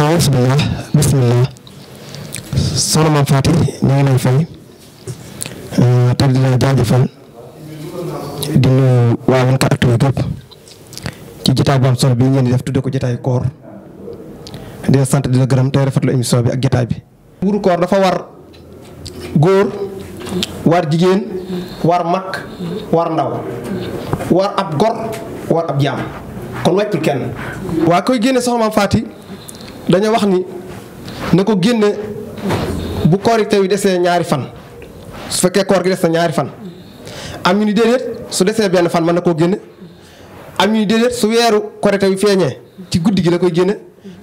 awuusu billah bismillah soxna Mame Faty ñu ngi lay fay euh, te di la jaajëfal di nuyu waa 24actu yëpp ci jotaay bu am solo bi ngeen di def tudde ko jotaay koor di la sant di la gërëm tey émission bi ak jotaay bi. wuuru koor dafa war góor war jigéen war mag war ndaw war ab gor war ab jaam kon wàccul kenn. waa koy génne soxna Mame Faty dañoo wax ni na ko génne bu korite wi desee ñaari fan su fekkee koor gi des na ñaari fan am ñu ni déedéet su desee benn fan mën na koo génne am ñu ni déedéet weeru korite wi feeñee ci guddi gi la koy génne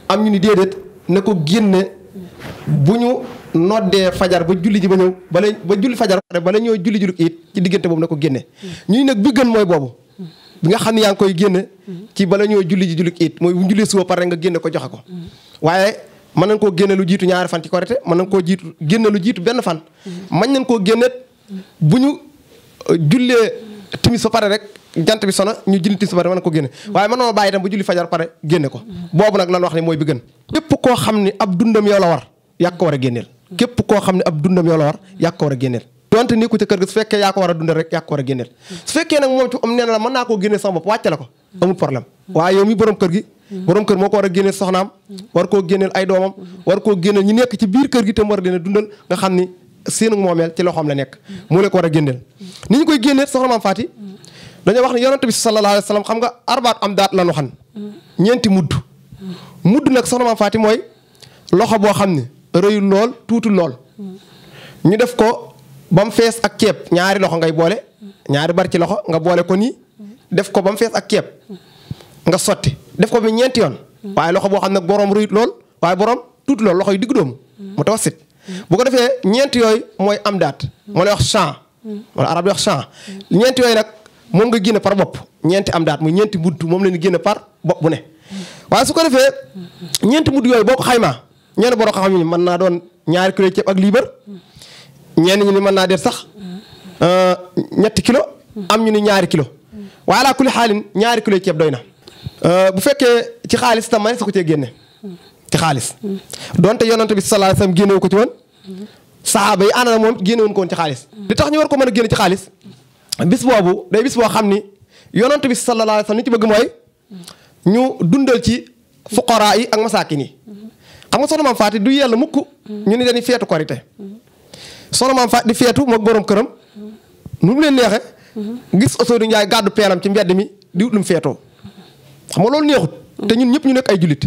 am ñu ni déedéet na ko génne bu ñu noddee fajar ba julli ji ba ñëw bala ba julli fajar bala ñëw julli julli it ci diggante boobu na ko génne ñuy nag bi gën mooy boobu bi nga xam ne yaa ngi koy génne ci bala ñoo julli ji julli it mooy bu ñu jullee suba pare nga génne ko joxe ko waaye mën nañ koo génne lu jiitu ñaari fan ci korite mën nañ koo jiitu génne jiitu benn fan mañ nañ koo génne bu ñu euh, jullee timis ba pare rek jant bi sona ñu julli timis ba pare mën nañ ko génne waaye mën noo bàyyi itam bu julli fajar pare génne ko boobu nag lan wax ne mooy bi gën koo xam ne ab dundam yow la war yàq ko a génneel képp koo xam ne ab dundam yow la war yàq ko war a génneel donte nekku ci kër gi su fekkee yaa ko war a dundal rek yaa ko war a génneel su fekkee nag moom ci am nee na la mën naa koo génneel sama bopp wàcce la ko amul problème waaye yow mi borom kër gi borom kër moo ko war a génneel soxnaam war koo génneel ay doomam war koo génneel ñi nekk ci biir kër gi te mu war leen a dundal nga xam ni seenu moomeel ci loxoom la nekk moo leen ko war a génneel ni ñu koy génneel soxna maam Faati dañoo wax ne yonent bi sallallahu alayhi wa sallam xam nga arbaat am daat la ñu ñeenti mudd mudd nag soxna maam Faati mooy loxo boo xam ne rëyul lool tuutul lool ñu ko ba mu fees ak ceeb ñaari loxo ngay boole ñaari bari ci loxo nga boole ko nii def ko ba mu fees ak ceeb nga sotti def ko bi ñeenti yoon waaye loxo boo xam ne borom ruyut lool waaye borom tuuti lool loxo yi digg doomu mu tawasit bu ko defee ñeenti yooyu mooy am daat moo lay wax champ wala arab wax champ ñeenti yooyu nag moom nga génne par bopp ñeenti am daat mu ñeenti mudd moom la ñu génne par bopp bu ne waaye su ko defee ñeenti mudd yooyu boo ko xaymaa ñeenti boroo ko xam ne mën naa doon ñaari kilo ceeb ak liibar ñenn ñu ni mën naa def sax euh, ñetti kilo am ñu ni ñaari kilo waaye laa kulli xaalin ñaari kilo ceeb doy na. Euh, bu fekkee ci xaalis tam man sa ko cee génne ci xaalis donte yonante bi sallallahu alayhi wasallam génnewu ko ci woon saxaaba yi ànd moom génnewuñ ko ci xaalis. li tax ñu war ko mën a génne ci xaalis bis boobu day bis boo xam ni yonante bi sallallahu alayhi wasallam ci bëgg mooy ñu dundal ci fuqaraa yi ak masaakin yi xam nga soxna Maam Faati du yàlla mukk ñu ni dañuy feetu korite soxna maam di feetu moog boroom këram nu leen neexe gis Ousseynou Ndiaye gàddu peenam ci mbedd mi di wut lu feetoo xam nga loolu neexut. te ñun ñëpp ñu nekk ay jullit.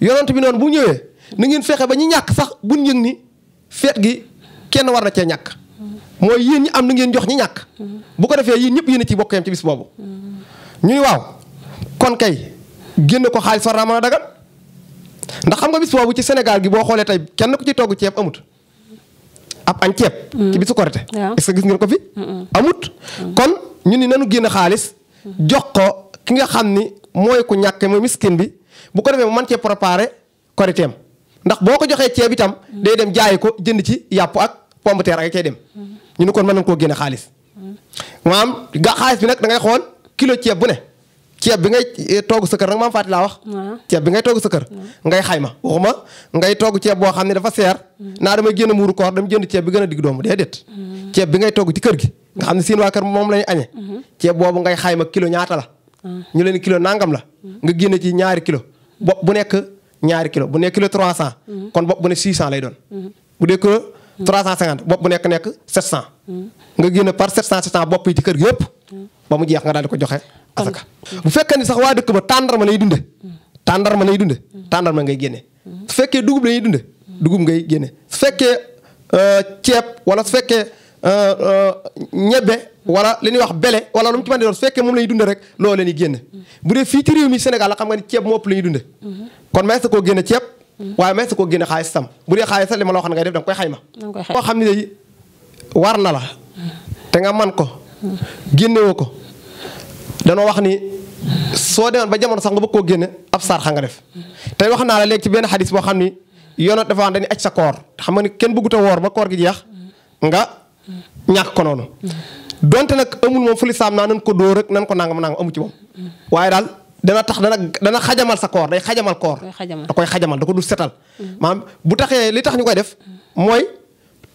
yonent bi noonu bu ñëwee na ngeen fexe ba ñu ñàkk sax bu ñu yëg ni feet gi kenn war na cee ñàkk. mooy yéen ñi am na ngeen jox ñi ñàkk. bu ko defee yéen ñëpp yéen a ciy bokk yam ci bis boobu. ñu waaw kon kay génne ko xaalis war naa mën a dagal ndax xam nga bis boobu ci senegal gi boo xoolee tey kenn ku ci togg ceeb amut. ab añ ceeb. Mm. ci bisu korite. est-ce gis ngeen ko fi. amut kon ñu ni nanu génn xaalis jox ko ki nga xam ni mooy ku ñàkk mooy miskin bi bu ko defee mu mën cee préparer koriteem ndax boo ko joxee ceeb itam mm. day dem jaayi ko jënd ci yàpp ak pomme terre ak cay dem mm-hmm. ñu ni kon mën nañ koo génne xaalis maanaam mm-hmm. ga xaalis bi nag da xool kilo ceeb bu ne. Eh, ceeb bi ngay togg sa kër nag maam fàttali laa wax. ceeb bi ngay togg sa kër. ngay xayma waxuma ngay togg ceeb boo xam ne dafa seer. Hmm. naa damay génn muuru koor dama jënd ceeb bi gën a digg doomu déedéet. Hmm. ceeb bi ngay togg ci kër gi. nga xam ne seen waa kër moom la ñu añee. Hmm. ceeb boobu ngay xayma kilo ñaata la. Ah. ñu leen kilo nangam la. nga génn ci ñaari kilo bopp bu nekk ñaari kilo bu nekk kilo 300. kon bopp bu ne 600 lay doon. bu dee kilo 350 bopp bu nekk nekk 700. nga génne par 700 700 bopp yi ci kër gi yëpp. ba mu jeex nga daal di ko joxe asaka. bu fekkee ni sax waa dëkk ba tàndarma lay dunde tàndarma lay dunde tàndarma ngay génne. su fekkee dugub la ñuy dunde dugub ngay génne su fekkee euh, ceeb wala su fekkee euh, euh, ñebe wala li ñuy wax bele wala lu mu ci mën di su fekkee moom la ñuy dunde rek loolu la ñuy génne. bu dee fii ci réew mi Sénégal la xam nga ni ceeb moo ëpp la kon may waaye may su ko génne xaalis sam bu dee xaalis sax li ma la waxoon ngay def danga koy xayma. koo xam ne day war na la. te nga man ko. génnewoo ko danoo wax ni soo demoon ba jamono sax nga bëgg koo génne ab saar xa wax naa la léegi benn xadis boo xam ni yoonat dafa wax dañuy aj sa koor xam nga ni kenn bëggut a woor ba koor gi jeex nga ñàkk ko noonu. Mm. nag amul moom fu lislaam naa nan ko dóor rek nan ko nangam nangam amu ci moom mm. waaye daal. dana tax dana dana xajamal sa koor day xajamal koor. da koy xajamal da ko du setal. Mm-hmm. maam bu taxee li tax ñu koy def mooy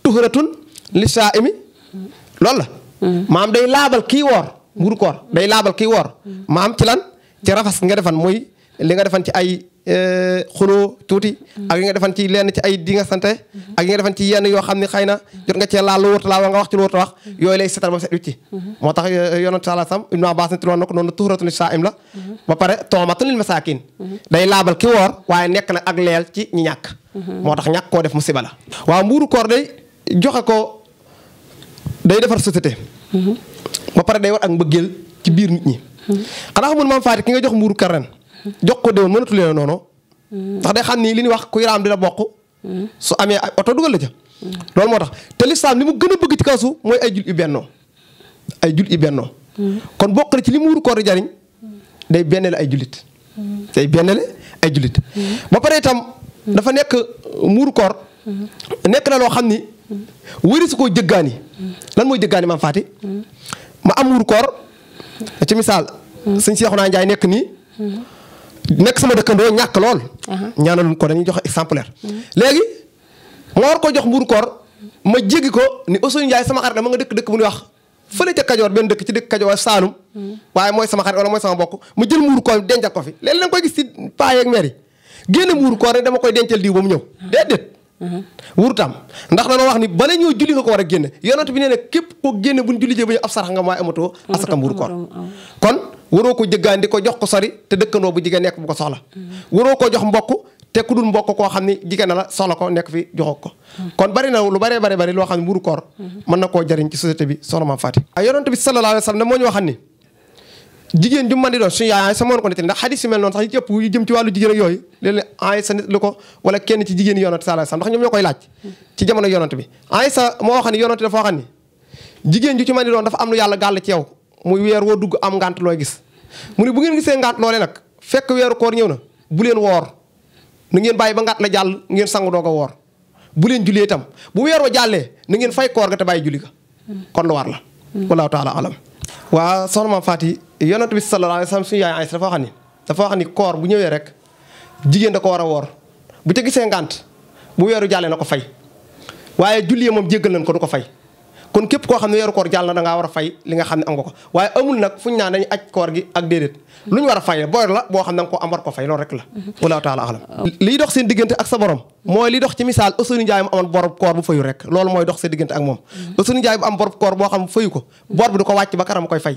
tuxratun li saa imi mm-hmm. loolu la. Mm-hmm. maam day laabal kii woor nguur koor day laabal kii woor. maam ci lan ci rafas nga defan muy li nga defan ci ay eh, xuloo tuuti mm-hmm. ak li nga defan ci lenn ci ay di nga sante mm-hmm. ak li nga defan ci yenn yoo xam ne xëy na jot nga cee laal lu wóorta laa wa nga wax ci lu wóorta wax mm-hmm. yooyu lay setal ba set wicci moo tax eh, yonent sala sam ibnu abbas ne tuloon na ko noonu tuxratun saa'im la ba pare toomatun lil masaakin day laabal ki woor waaye nekk nag ak leel ci ñàkk moo tax ñàkk koo def musiba la waaw mbuuru koor day joxe ko day defar société ba pare day war ak mbëggeel ci biir nit ñi xanaa xamul maam faati ki nga jox mbuuru kar ren jox ko déwén mënatu leen noonu. ndax day xam ni li ñuy wax kuy raam la bokk. su amee ay oto dugal la ca. loolu moo tax te lislaam li mu gën a bëgg ci kaw mooy ay jul i bennoo ay jul i bennoo kon bokk na ci li mu wuru koor di jariñ day bennale ay julit day bennale ay julit ba pare itam dafa nekk muuru koor nekk na loo xam ni wëri koo jëggaani lan mooy jëggaani maam faati ma am muuru koor ci misaal sëñ Seexuna Njaay nekk nii nekk sama dëkkandoo ñàkk lool. ñaanaluñ ko dañuy joxe exemplaire. léegi ma war ko jox mburu koor ma jéggi ko ni Ousseynou Ndiaye sama xarit ma nga dëkk dëkk bu ñuy wax fële ca Kajoor benn dëkk ci dëkk Kajoor Saalum. waaye mooy sama xarit wala mooy sama mbokk ma jël mburu koor dencal ko fi léegi da nga koy gis ci paa yeeg mère yi génne mburu koor dama koy dencal diw ba mu ñëw déedéet. wurtaam ndax dañoo wax ni bala ñoo julli nga ko war a génne yonent bi nee na képp ko génne bu ñu julli jee ba ñu ab sarax nga maa amatoo asakam wur koor kon waroo ko jox mbokk te ku mbokk koo xam ni jigéen la soxla ko nekk fi joxoo ko kon bari na lu baree bari bari loo xam ne wuru koor mën na koo jariñ ci société bi soxna maam Faati ay yonent bi sallallahu alayhi wa moo ñu waxan ni jigéen ju mën di doon suñu yaay sa moon ko nettali ndax xadis yu mel noonu sax yi cëpp yu jëm ci wàllu jigéen ak yooyu léeg-léeg Aysa nit ko wala kenn ci jigéen yonante sallallahu alayhi wasallam ndax ñoom ñoo koy laaj ci jamono yonante bi Aysa moo xam ne yonante dafa xam ni jigéen ju ci mën di doon dafa am lu yàlla gàll ci yow muy weer woo dugg am ngànt looy gis mu ne bu ngeen gisee ngànt loolee nag fekk weeru koor ñëw na bu leen woor na ngeen bàyyi ba ngànt la jàll ngeen sangu doog a woor bu leen jullee itam bu weer jàllee na ngeen fay koor ga te bàyyi julli ga kon lu war la hmm. wallahu taala alam waa soxna maam Faati yonent bi sa alayhi wa sallam suñu yaay Aysa dafa wax ni dafa wax ni koor bu ñëwee rek jigéen da ko war a woor bu ca gisee ngànt bu weeru jàllee na ko fay waaye julli moom jéggal nañ ko du ko fay. kon képp koo xam ne weeru koor jàll na da war a fay li nga xam ne am war a fay bor la boo xam ne da nga ko am war ko fay loolu rek la wallahu taala borom mooy li dox ci misaal Ousseynou Ndiaye mu amoon bor koor bu fayu rek loolu mooy dox seen diggante ak moom ko bor bi du ko wàcc ba karam xam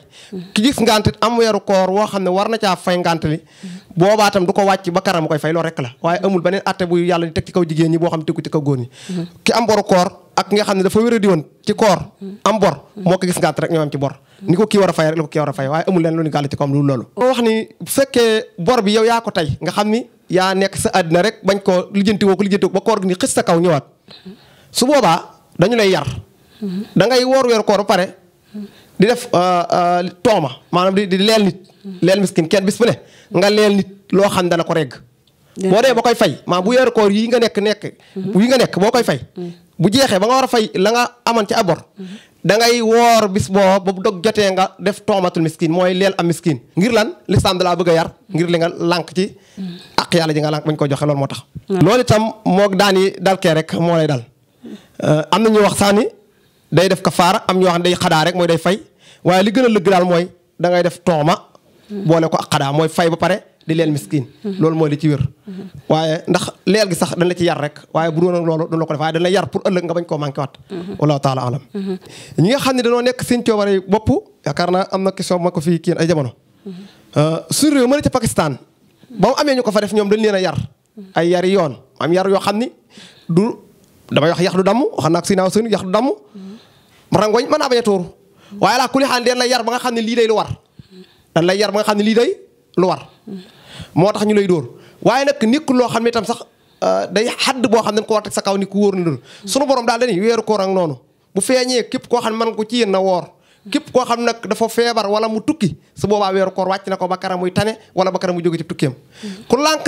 ne war na caa fay ngant li boobaa tam wàcc ba karam koy fay loolu rek la waaye amul beneen atte bu yàlla di teg ci kaw jigéen ñi boo xam ne tegu ci kaw góor ñi ki am boru koor ak nga xam ne dafa wéradi woon ci koor am bor moo ko gis ngàtt rek ñoo am ci bor ni ko kii war a fay rek a fay waaye amul leen lu ñu gàll loolu moo wax ni fekkee bor bi yow yaa ko tey nga xam ni yaa nekk sa àddina rek bañ koo lijjanti woo ko lijjanti woo ba koor gi ni xis sa kaw ñëwaat su boobaa dañu lay yar da ngay woor weeru koor ba pare di def euh, euh, tooma maanaam di di leel nit leel miskin kenn bis bu ne nga leel nit loo xam dana ko regg boo dee ba koy fay maa bu weeru koor yi nga nekk nekk mm-hmm. yi nga nekk boo koy fay mm. bu jeexee ba nga war a fay la nga amoon ci abor da ngay woor bis boo ba dog jotee nga def toomatul miskin mooy leel am miskin ngir lan lislaam da laa bëgg a yar ngir li nga lànk ci ak yàlla ji nga lànk bañ ko joxe loolu moo tax loolu itam moo daan yi dal rek moo lay dal euh, am na ñu wax saani day def kafaara am ñu wax ne day xadaa rek mooy day fay waaye li gën a lëgg daal mooy da ngay def tooma hmm. boole ko ak xadaa mooy fay ba pare di leel miskin loolu mooy li ci wér waaye ndax leel gi sax dañ la ci yar rek waaye bu doon loolu duñ la ko def waaye la yar pour ëllëg nga bañ koo manqué waat wallahu taala ñi nga xam ne dañoo nekk seen coobare bopp yaakaar naa na question ma ko fii kii ay jamono euh, suñu ma ci Pakistan ba amee ñu ko fa def ñoom dañ leen a yar yoon am yar yoo xam ni du damay wax yax du damm wax naa ko si naaw suñu yax du damm mën a tuur waaye laa kuli xaan den yar ba nga xam ne lii day lu war dañ lay yar ba nga xam ne lii day lu war moo tax ñu lay dóor waaye nag nekkul loo xam ne itam sax euh, day xadd boo xam ne ko war teg sa kaw ni ku wóor ni loolu sunu borom bu feeñee képp koo xam ne mën ko ci yéen na woor képp koo xam nag dafa feebar wala mu tukki su boobaa weeru koor na ko ba karam muy tane wala ba karam muy jóge ci tukkiam ku lànk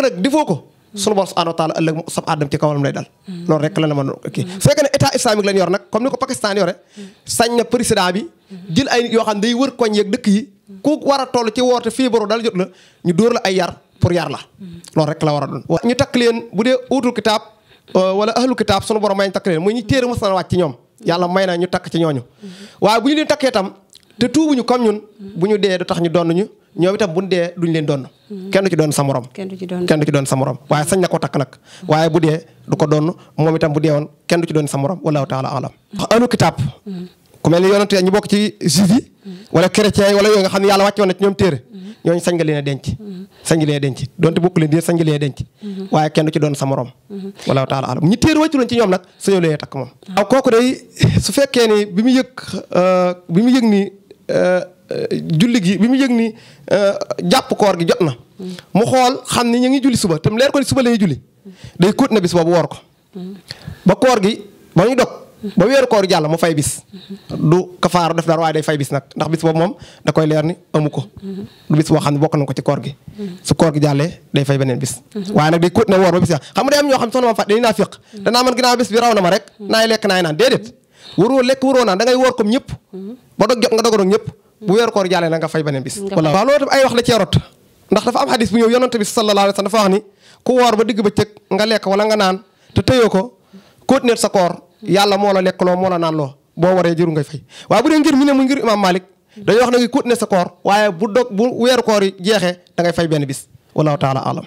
ko sunu borom subhanahu wa taala ëllëg sab addam ci kawalam lay dal loolu rek la na mën kii fekk ne état islamique lañ yor nag comme ni ko Pakistan yore sañ na président bi jël ay nit yoo xam ne day wër koñ yeeg dëkk yi ku war a toll ci woote fiibaru dal jot la ñu dóor la ay yar pour yar la loolu rek la war a doon ñu takk leen bu dee uutul kitaab euh, wala ahlu kitaab sunu borom may ñu takk leen muy ñu téere mos na wàcc ci ñoom yàlla may na ñu takk ci ñooñu waaye bu ñu leen takkee tam te tuubuñu comme ñun bu ñu dee du tax ñu donn ñu ñoom itam bu ñu dee duñ leen donn kenn du ci doon sa morom kenn du ci doon sa morom waaye sañ na ko takk nag waaye bu dee du ko doon moom itam bu dee woon kenn du ci doon sa morom wallahu taala alam ahlu kitaab ku mel ni yonent ñu bokk ci juif yi wala chrétien yi wala yooyu nga xam ne yàlla wàcce woon na ci ñoom téere ñooñu sañ nga leen denc sañ nga leen a denc donte bokk leen diir sañ nga leen a denc waaye kenn du ci doon sa morom wala taala alam ñi téere wàccu loon ci ñoom nag suñu leen takk moom waaw kooku day su fekkee ni bi mu yëg euh, bi mu yëg ni euh, julli gi bi mu yëg ni euh, jàpp koor gi jot na mu xool xam ni ñu ngi julli suba te mu leer ko ni suba lay julli day kóot na bi boobu woor ko ba koor gi ba ñu ba weeru koor jàll mu fay bis. du kafaaru def dara waaye day fay bis nag ndax bis boobu moom da koy leer ni amu ko. du bis boo xam ne bokk na ko ci koor gi. su koor gi jàllee day fay beneen bis. waaye nag day continué woor ba bis xam nga day am ñoo xam soxna ma fa naa fiq danaa man ginnaaw bis bi na ma rek naay lekk naay naan déedéet. waroo lekk waroo naan da ngay nga dogoon ak ñëpp. bu weeru koor jàllee nag nga fay beneen bis. wala waaw loolu tam ay wax la cee rot ndax dafa am xadis bu ñëw yonante bi sallallahu nga lekk wala nga naan te tëyoo ko continuer sa koor yàlla moo la lekk loo moo la naan loo boo waree jëru ngay fay waaye bu dee ngir mi ne mu ngir imaam Malik dañoo wax na dog bu weeru koor yi jeexee da fay benn bis wallahu taala alam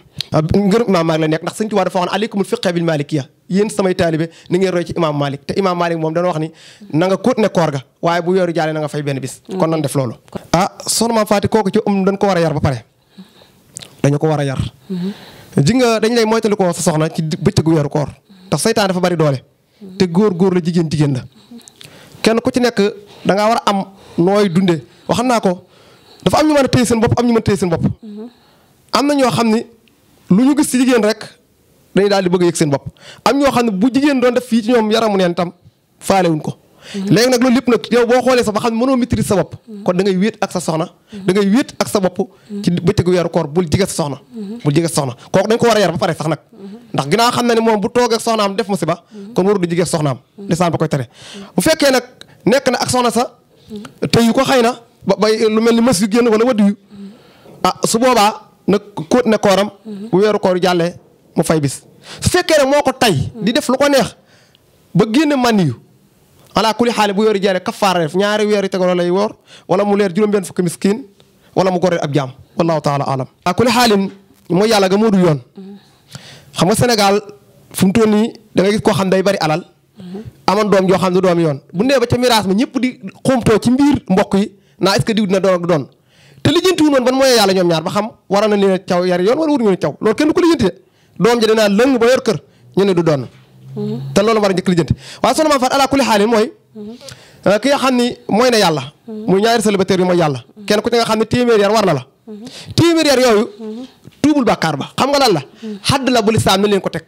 ngir imaam Malik la nekk ndax Sëñ Tuubaa dafa wax ne aleykumul fiqh bil malikiya yéen samay taalibe ni ngeen roy ci imaam Malik te imaam Malik moom dana wax ni na nga continuer koor ga waaye bu weeru jaalee nga fay benn bis mm-hmm. kon nan def loolu ah soxna Maam Faati kooku ci um dañ ko war a yar ba pare dañu ko war a yar mm-hmm. ji nga dañ lay moytalikoo sa soxna ci bëccëgu weeru koor ndax seytaan dafa bari doole te góor góor la jigéen jigéen la kenn ku ci nekk da ngaa war a am nooy dunde wax naa ko dafa am ñu mën a téye seen bopp am ñu mën a seen bopp am na ñoo xam ni lu ñu gis ci jigéen rek dañuy daal di bëgg a yëg seen bopp am ñoo xam ne bu jigéen doon def fii ci ñoom yaramu neen tam faalewuñ ko léegi nag loolu lépp nag yow boo xoolee sa ba xam ne mënoo maîtriser sa bopp kon da ngay wéet ak sa soxna da wéet ak sa bopp ci bëccëgu weeru koor bul jigee sa soxna bul jige sa soxna kooku dañ ko war a yar ba pare sax nag ndax ginnaaw xam na ne moom bu toog ak soxnaam def musiba kon waru du am soxnaam desaan ba koy tere bu fekkee nag nekk na ak soxna sax te yu ko xay na ba ba lu mel ni mës yu génn wala waddu yu ah su boobaa nag kóot ne weeru koor jàllee mu fay bis fekkee ne moo ko tay di def lu ko neex ba génne mànni ala kuli xaali bu yoori jeere kafaara def ñaari weer yi tegaloo lay woor wala mu leer juróom-benn fukki miskin wala mu goreel ab jaam wallahu taala alam ala kuli xaalin mooy yàlla ga du yoon xam nga Sénégal fu mu toll nii da gis koo xam day bari alal amoon doom joo xam ne doom yoon bu ndee ba ca miraas ma ñëpp di xomtoo ci mbiir mbokk yi naa est ce que diw dina doon ak doon te lijjanti woon ban mooy yàlla ñoom ñaar ba xam waroon na leen caw yari yoon wala kenn ku lijjante doom ja dinaa lëng ba yor kër ñu ne te loolu war a njëkk lijjanti waaye soxna maam Faat ala kulli xaalin mooy euh, ki nga xam ni mooy na yàlla muy ñaari célibataire yi mooy yàlla kenn ku ci nga xam ne téeméer yar war na la téeméer yar yooyu tuubul bàkkaar ba xam nga lan la xadd la bu lislaam ni leen ko teg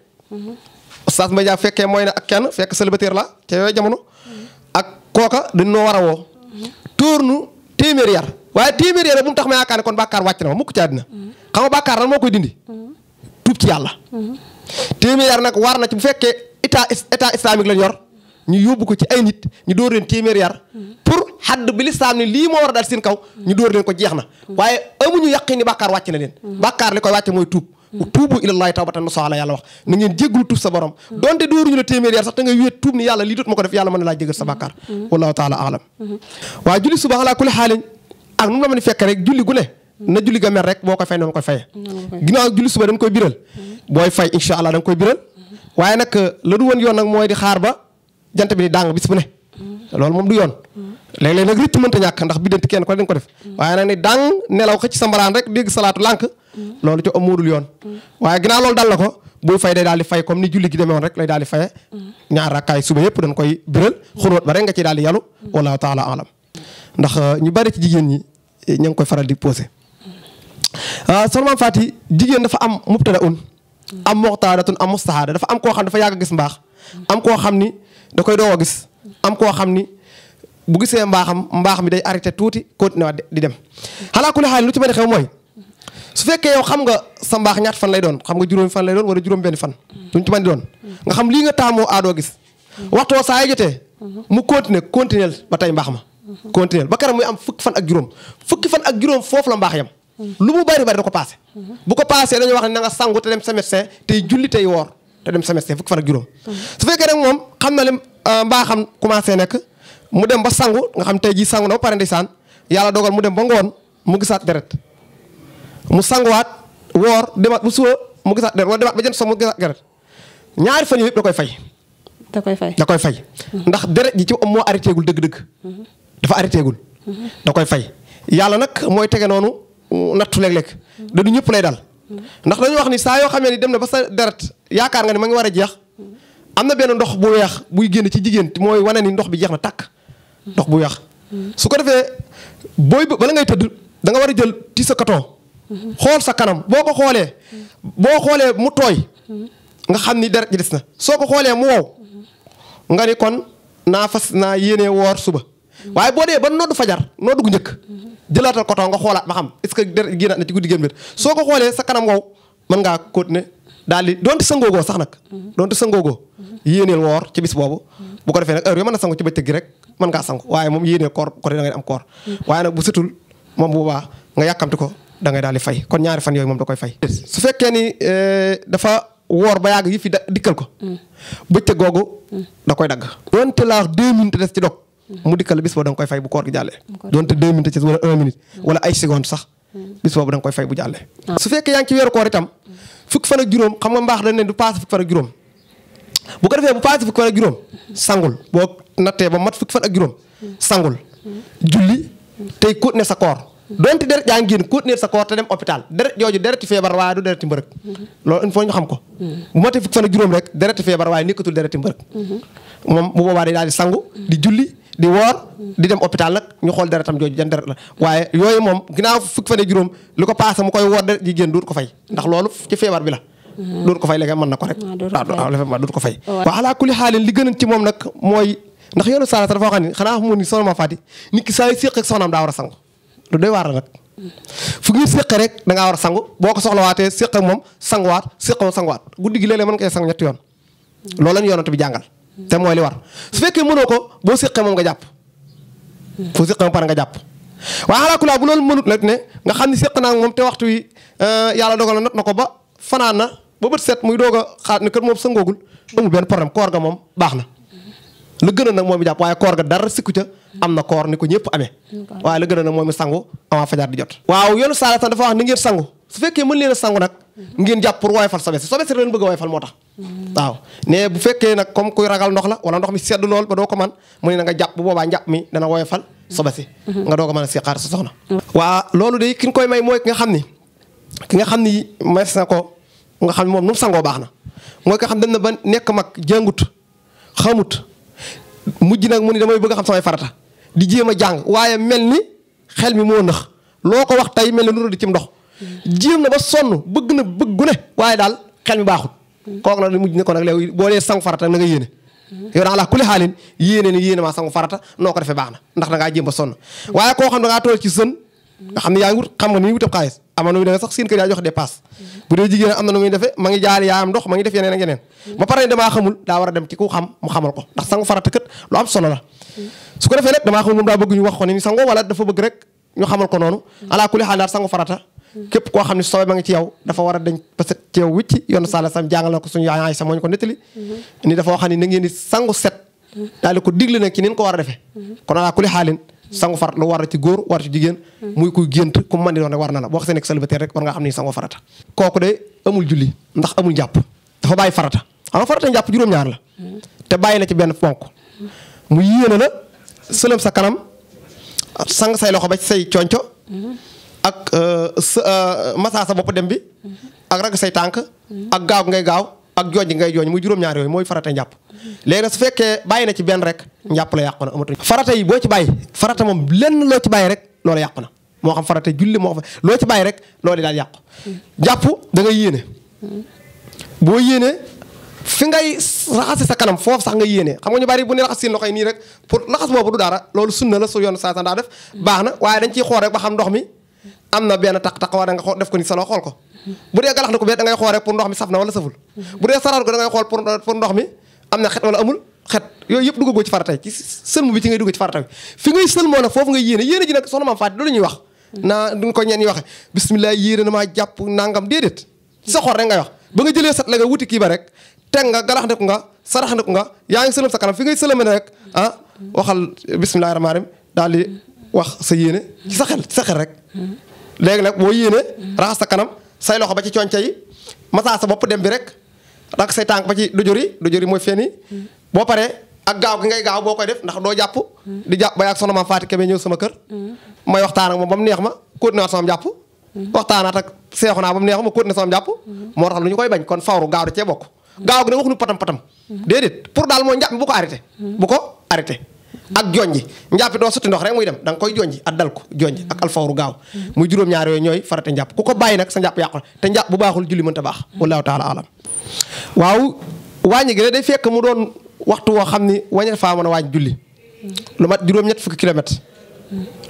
oustaz Mbaye Dia fekkee mooy na ak kenn fekk célibataire la ca jamono ak kooka dañ moo war a woo tóornu téeméer yar waaye téeméer bu mu tax ma ne kon bàkkaar wàcc na ci àddina xam nga bàkkaar lan moo koy tuub ci yàlla téeméer yar nag war na ci bu fekkee état état islamique lañ yor ñu yóbbu ko ci ay nit ñu dóor leen téeméer yar pour xadd bi lislaam ne lii moo war a dal seen kaw ñu dóor leen ko jeex na waaye amuñu yaqin ni bàkkaar wàcc na leen bàkkaar li koy wàcce mooy tuub tuubu ilallahi tawbatan nasuha yàlla wax na ngeen tuub sa borom donte dóoruñu la téeméer yar sax te nga wéet tuub ni yàlla lii doot ma ko def yàlla mën na laa jégal sa bàkkaar wallahu taala alam waaye julli suba ala la mën fekk waaye nag euh, la du woon yoon nag mooy di xaar ba jant bi di dàng bis bu ne loolu moom du yoon léeg-léeg nag rëcc mënta ñàkk ndax biddanti kenn ko dañ ko def waaye nag ni dàng nelaw xëcc sa mbaraan rek dégg salaatu lànk loolu ca amuurul yoon waaye ginnaaw loolu daal na ko buy fay day daal di fay comme ni julli gi demee woon rek lay daal di faye ñaar rakkaay suba yëpp dañ koy biral xurwat ba rek nga ciy daal di yalu wallahu taala alam ndax euh, ñu bari ci jigéen ñi euh, ña ngi koy faral di posé Salman Fati jigéen dafa am mubtada am moxtaaratun am mustahaada dafa am koo xam dafa yàgg gis mbaax am koo xam ni da koy doog a gis am koo xam ni bu gisee mbaaxam mbaax mi day arrêté tuuti continué di dem xalaa kulli xaal lu ci mën a xew mooy su fekkee yow xam nga sa mbaax ñaat fan lay doon xam nga juróom fan lay doon wala juróom benn fan lu ci man di doon nga xam lii nga taamoo aadoo gis waxtoo saa yi mu continué continuel ba tey mbaax ma continuel ba karam muy am fukki fan ak juróom fukki fan ak juróom foofu la mbaax yam lu mu bari bari da ko paase. bu ko paasee dañuy wax ne na nga sangu te dem sa médecin tey julli tey woor te dem sa médecin fukki fan ak juróom. su fekkee nag moom xam na lim euh, mbaa xam commencé nekk mu dem ba sangu nga xam tey jii sangu na ba pare ndeysaan yàlla dogal mu dem ba ngoon mu gisaat deret mu sanguwaat woor demaat bu suba mu gisaat deret wala demaat ba jënd so mu gisaat deret ñaari fan yëpp da koy fay. da koy fay da koy fay. ndax deret ji ci moo arrêté gul dëgg-dëgg. dafa arrêté gul. da koy fay yàlla nag noonu. nattu léeg-léeg da ñëpp lay dal ndax dañu wax ni saa yoo xamee ni dem na ba sa deret yaakaar nga ne ma ngi war a jeex am na benn ndox bu weex buy génn ci jigéen mooy wane ni ndox bi jeex na tàkk ndox bu weex su ko defee booy bala ngay tëdd da nga war a jël ti sa coton xool sa kanam boo ko xoolee boo xoolee mu tooy nga xam ni deret ji des na soo ko xoolee mu wow nga ni kon naa fas naa yéenee woor suba waaye boo dee ba noddu fajar noddu gu njëkk jëlaatal coton nga xoolaat ba xam est ce que der génnaat na ci guddi gën biir soo ko xoolee sa kanam wow mën ngaa continuer daal di donte sa sax nag donte sa ngoogoo yéeneel woor ci bis boobu bu ko defee nag heure yo mën na sangu ci bëccëg gi rek mën ngaa sangu waaye moom yéeneel koor côté da ngay am koor waaye nag bu sutul moom bu baax nga yàkkamti ko da ngay daal di fay kon ñaari fan yooyu moom da koy fay su fekkee ni eh, dafa woor ba yàgg yi fi dikkal ko mm. bëccëg googu da koy dagg donte laax deux minutes des ci dog mu dikkal bis boobu da nga koy fay bu koor gi jàllee donte deux minutes ci un minute wala ay seconde sax hmm. bis boobu da koy fay bu jàllee ah. su fekkee yaa ngi ci weeru koor itam fukki fan ak juróom xam nga mbaax dañ ne du paase fukki fan ak juróom bu ko defee bu paase fukki fan ak juróom sangul boo nattee ba mat fukki fan ak juróom hmm. sangul hmm. julli tey ko ne sa koor donte deret yaa ngi génn contenir sa koor te dem hôpital deret jooju dereti feebar waaye du dereti mbërëg loolu il faut ñu xam ko bu ma te rek dereti feebar waaye nekkatul dereti mbërëg moom bu boobaa day daal di sangu di julli di woor di dem hôpital nag ñu xool deretam jooju jan deret la waaye yooyu moom ginnaaw fukk fan ak lu ko paase mu koy woor deret ji génn ndax loolu ci bi la duut ko fay léegi mën na ko rek waaw ci moom nag mooy ndax yoonu saala sa dafa xam ne xanaa xamoon ni soxna ma faati nit ki saa yu séq soxnaam daa war a sangu lu doy waar la nag fu ngeen séqee rek da ngaa war a sangu boo ko soxlawaatee séq ak moom sanguwaat séq moom sanguwaat gi léeg-léeg mën koy yoon loolu la ñu bi jàngal te mooy li war su fekkee mënoo ko boo séqee moom nga jàpp foo nga jàpp waaye alaakulaa bu loolu mënut nag ne nga xam ne séq naa moom te waxtu wi euh, yàlla dogal na not na ko ba fanaan na ba bët set muy doog a xaat ne kër moom sangoogul amul benn problème koor ga moom baax na la gën a nag moom bi jàpp waaye koor ga dara sikku ca am na koor ni ko ñëpp amee waaye la gën a nag mooy mu sangu avant fajar di jot waaw yoonu saala tam dafa wax ni ngeen sangu su fekkee mën leen a sangu nag ngeen jàpp pour woyofal sobe si sobe si leen bëgg a woyofal moo tax mm. waaw ne bu fekkee nag comme kuy ragal ndox la wala ndox mi sedd lool ba doo ko man mu ne nga jàpp boobaa njàpp mi dana woyofal sobe si mm-hmm. nga doo ko mën a siqaar sa soxna mm. waa loolu de ki ñu koy may mooy ki nga xam ni ki nga xam ni mas na ko nga xam ne moom nu mu sangoo baax na mooy ko xam dem na ba nekk mag jàngut xamut mujj nag mu ni damay bëgg xam samay farata di jéem a jàng waaye mel ni xel mi moo nëx loo ko wax tey mel ni lu di cim ndox jéem na ba sonn bëgg na bëgg gu waaye daal xel mi baaxul kooku nag mujj ne ko nag léegi boo dee sangu farata na nga yéene yow daal la kuli xaalin yéene ni yéene maa sangu farata noo ko defee baax na ndax dangaa ngaa jéem ba sonn waaye koo xam da ngaa ci sën nga xam ne yaa ngi wut xam nga ni wutab xaalis am na nu muy defe mhm. ma ngi jaali yaa am ndox ma ngi def yeneen mhm. a dem ci ku xam mu mhm. dafa bëgg rek ñu xamal ko noonu alaa kulli a dañ paset ci yow wicci yoon sala sam jàngal a xaalin sangu farata lu war ci góor war ci jigéen muy kuy gént ku mën di doon war na la boo xasee nekk célibataire rek war nga xam ne sangu farata kooku de amul julli ndax amul jàpp dafa bàyyi farata xam nga farata jàpp juróom-ñaar la te bàyyi la ci benn ponk mu yéene la sëlëm sa kanam sang say loxo ba ci say conco ak euh, euh, masaa sa bopp dem bi ak rag say tànk ak gaaw ngay gaaw ak jooñ ngay jooñ muy juróom-ñaar yooyu mooy farata jàpp léegi nag su fekkee bàyyi na ci benn rek njàpp la yàqu na amatuñ farata yi boo ci bàyyi farata moom lenn loo ci bàyyi rek loola yàqu moo xam farata julli moo xam loo ci bàyyi rek loolu daal yàqu jàpp da nga yéene boo yéene fi ngay raxasi sa kanam foofu sax nga yéene xam nga ñu bari bu ne raxas seen loxo nii rek pour raxas boobu du dara loolu sunna la su yoon saa daa def baax na waaye dañ ciy xool ba xam ndox mi am na benn taq-taq war nga xool def ko ni solo xool ko bu dee galax na ko bee da ngay mi saf na wala saful am na xet wala amul xet yooyu yëpp duggagoo ci farata ci sëlmu bi ci ngay dugg ci farata bi fi ngay sëlmoo nag foofu nga yéene yéene ji nag soxna maam Faati loolu ñuy wax mm. naa duñ ko ñeen ñi waxe bisimilah yéene na maa jàpp sa xor rek ngay wax ba nga jëlee sat la wuti kii ba rek teg nga galax ndeku nga sarax ndeku nga yaa ngi sëlëm sa kanam fi ngay sëlëme ne rek mm. ah waxal bisimilahi rahmaani daal di mm. wax sa yéene ci sa xel ci sa xel rek léegi nag boo yéene raxas sa kanam say loxo ba ci coonca yi masaa sa bopp dem bi rek rak say tànk ba ci du juri du juri mooy feni boo paree ak gaaw gi ngay gaaw boo koy def ndax doo jàpp di jàpp ba yàgg soxna maam Faati Kebe sama kër may waxtaan ak moom neex ma continué jàpp waxtaanaat ak seexu naa ba neex ma continué sama jàpp moo tax ñu koy bañ kon fawru gaaw da cee bokk gaaw gi nag waxuñu patam patam déedéet pour daal mooy njàpp bu bu ko arrêté ak jonji njàppi doo sotti ndox rek dem da nga koy jonji ak dal ko jonji ak alfawru gaaw muy juróom-ñaar yooyu ñooy farate njàpp ku ko bàyyi nag sa njàpp yàqu te njàpp bu baaxul julli mënta baax wallahu taala alam waaw wàññi gi ne day fekk mu doon waxtu woo xam ni wañet faa mën a wàññi julli lu mat juróom-ñett fukki kilomètre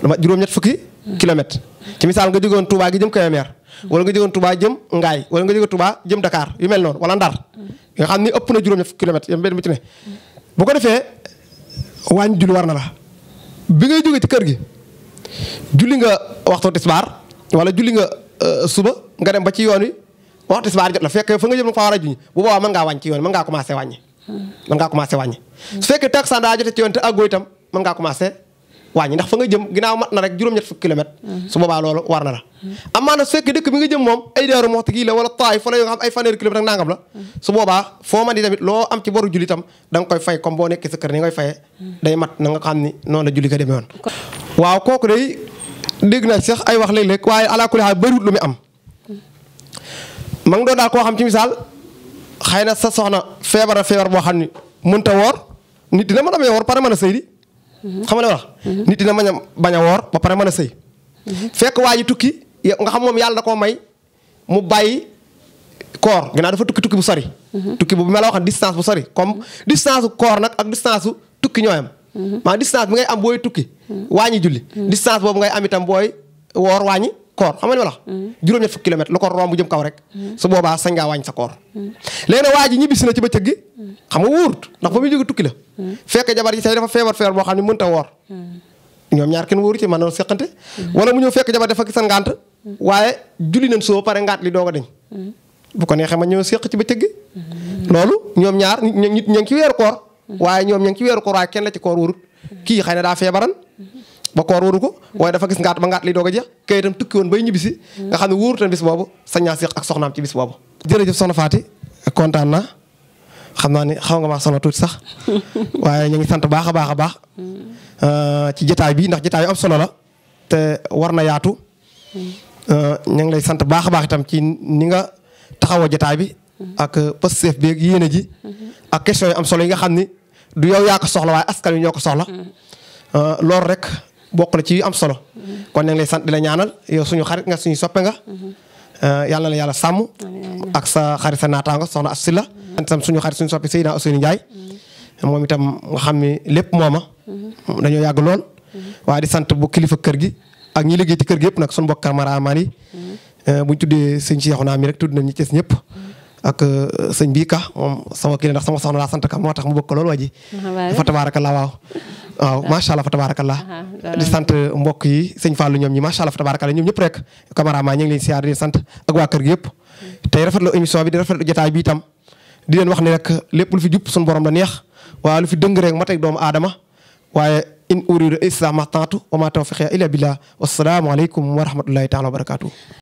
lu mat juróom-ñett fukki kilomètre ci misaal nga jógoon Touba gi jëm Kébémer wala nga jógoon Touba jëm Ngaay wala nga jógoon Touba jëm Dakar yu mel noon wala Ndar nga xam ni ëpp na juróom-ñett fukki kilomètre yam benn bu ne bu ko defee waañ julli war na la bi ngay jógee ci kër gi julli nga waxtu tisbaar wala julli nga euh, suba nga dem ba ci yoon wi wax tisbaar jot na fekk fa nga jëm fa war a juñ bu boobaa mën ngaa wàññi ci yoon hmm. nga jëm rek juróom-ñett fukki kilomètre hmm. su boobaa loolu war na la hmm. amaa nag su fekkee dëkk bi nga jëm moom ay daaru moxti gii la wala taay fa la yoo xam ay fanweeri kilomètre ak nangam la su boobaa koy fay comme boo nekkee sa kër ni ngay fayee day noonu la julli ko demee woon waaw kooku day dégg naa sax ay wax léeg-léeg waaye alaa kulli xaal bëriwut lu mi am ma ngi daal koo xam ci misaal xëy na sa soxna feebar a feebar boo xam ni mënta woor nit dina mën a bañ a pare mën a sëy di. xam nga wax nit dina mën a bañ a woor ba pare mën a sëy. fekk waa tukki nga xam moom yàlla da koo may mu bàyyi koor ginnaaw dafa tukki tukki bu sori. tukki bu ma la waxoon distance bu sori comme distance koor nag ak distance tukki ñooyam. maanaam distance bi ngay am booy tukki. wàññi julli. distance boobu ngay am itam booy woor waañi koor xam nga wala mm-hmm. juróom-ñett fukki kilomètre lu ko romb jëm kaw rek mm-hmm. su boobaa sañ ngaa wàññ sa koor mm-hmm. léegi waa ji ñibbisi na ci bëccëg gi xam nga wóorut ndax fa muy jóge tukki la fekk jabar ji dafa feebar feebar boo xam ne mënut a woor ñoom ñaar kenn wóoru ci mën na seqante wala mu ñëw fekk jabar dafa gisan waaye julli nañ soo pare ngaat li doog a dañ bu ko neexee ma ñëw séq ci bëccëg gi loolu ñoom ñaar nit ña ngi ci weeru koor waaye ñoom ña ngi ci weeru koor waaye kenn la ci koor wóorut kii xëy na daa feebaran ba koor waru ko waaye dafa gis ngaat ba ngaat li doog a jeex kayitam tukki woon bay ñibbisi nga xam ne wóorutan bis boobu sañ naa séq ak soxnaam ci bis boobu jërëjëf soxna kontaan naa xam naa ni xaw nga maa solo tuuti sax waaye ñu ngi sant baax a baax a baax mm. ci jotaay bi ndax jotaay yu am solo la te war na yaatu mm. ñu ngi lay sant baax a baax itam ci ni nga taxawoo jotaay bi mm. ak pëstef bi ak yéene ji mm-hmm. ak question yu am solo yi nga xam ni du yow yaa ko soxla waaye askan wi ñoo ko soxla uh, loolu rek bokk na ci am solo. kon ñu ngi lay sant di la ñaanal yow suñu xarit nga suñu soppe nga. Euh, yàlla na yàlla sàmm. ak sa xarit sa naataango soxna Assi la. tam suñu xarit suñu soppe Seydina Ousseynou Ndiaye. moom itam nga xam ni lépp mooma. dañoo yàgg lool. waaye di sant bu kilifa kër gi. ak ñi liggéey ci kër gi yëpp nag suñu mbokk cameraman yi. Euh, buñ tuddee sëñ Cheikhouna mi rek tudd nañ ñi ci ñëpp. ak euh, sëñ bii ka moom sama kii ndax sama soxna laa sant ka moo tax mu bëgg ko lool waa ji. dafa tabaaraka waaw macha allah fa tabarakallah di sant mbokk yi sëñ Fallou ñoom ñi macha allah fa tabarakallah ñoom ñëpp rek camaraman ñu leen siyaar di leen sant ak waa kër gi yëpp tey rafetlu émission bi di rafetlu jotaay bi tam di leen wax ne rek lépp lu fi jub suñu borom la neex waaye lu fi dëng rek ma teg doomu aadama waaye in uridu islam ma tantu wa ma tawfiqiya illa billah wassalaamu aleykum wa rahmatullahi taala